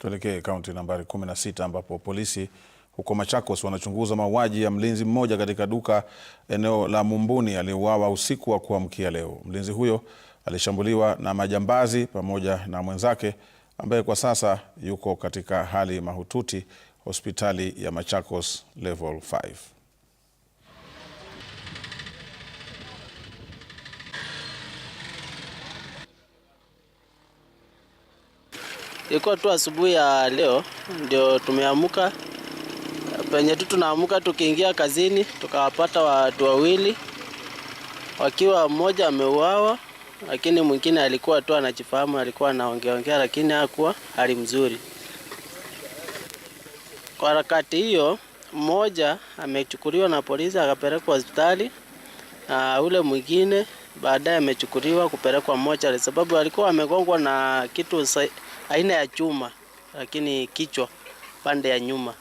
Tuelekee kaunti nambari 16 ambapo polisi huko Machakos wanachunguza mauaji ya mlinzi mmoja katika duka eneo la Mumbuni aliyeuawa usiku wa kuamkia leo. Mlinzi huyo alishambuliwa na majambazi pamoja na mwenzake ambaye kwa sasa yuko katika hali mahututi hospitali ya Machakos Level 5. ilikuwa tu asubuhi ya leo ndio tumeamuka. Penye tu tunaamuka tukiingia kazini, tukawapata watu wawili wakiwa mmoja ameuawa, lakini mwingine alikuwa tu anajifahamu, alikuwa anaongeaongea, lakini hakuwa hali mzuri. Kwa harakati hiyo, mmoja amechukuliwa na polisi akapelekwa hospitali na ule mwingine baadaye amechukuliwa kupelekwa mochari, sababu alikuwa amegongwa na kitu aina ya chuma, lakini kichwa pande ya nyuma.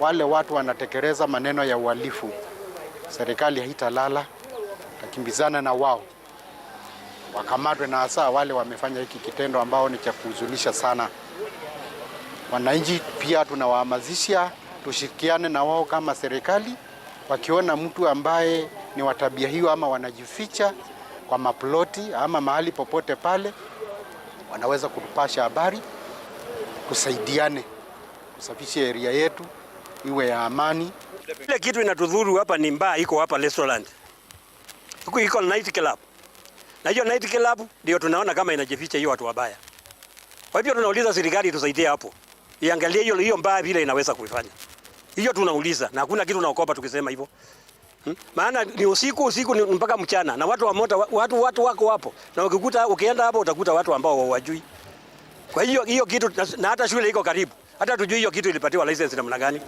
Wale watu wanatekeleza maneno ya uhalifu, serikali haitalala, takimbizana na wao wakamatwe, na hasa wale wamefanya hiki kitendo ambao ni cha kuhuzunisha sana. Wananchi pia tunawahamasisha tushirikiane na wao kama serikali, wakiona mtu ambaye ni watabia hiyo ama wanajificha kwa maploti ama mahali popote pale, wanaweza kutupasha habari, kusaidiane kusafisha eria yetu iwe ya amani. Ile kitu inatudhuru hapa ni mbaa, iko hapa restaurant, huku iko night club, na hiyo night club ndio tunaona kama inajificha hiyo watu wabaya. Kwa hivyo tunauliza serikali tusaidie hapo, iangalie hiyo hiyo mbaya vile inaweza kuifanya hiyo, tunauliza na hakuna kitu naokopa tukisema hivyo. Hmm? Maana ni usiku usiku ni mpaka mchana na watu wa moto watu, watu wako wapo na ukikuta ukienda hapo utakuta watu ambao hawajui. Kwa hiyo hiyo kitu na, na hata shule iko karibu. Hata tujui hiyo kitu ilipatiwa license namna gani?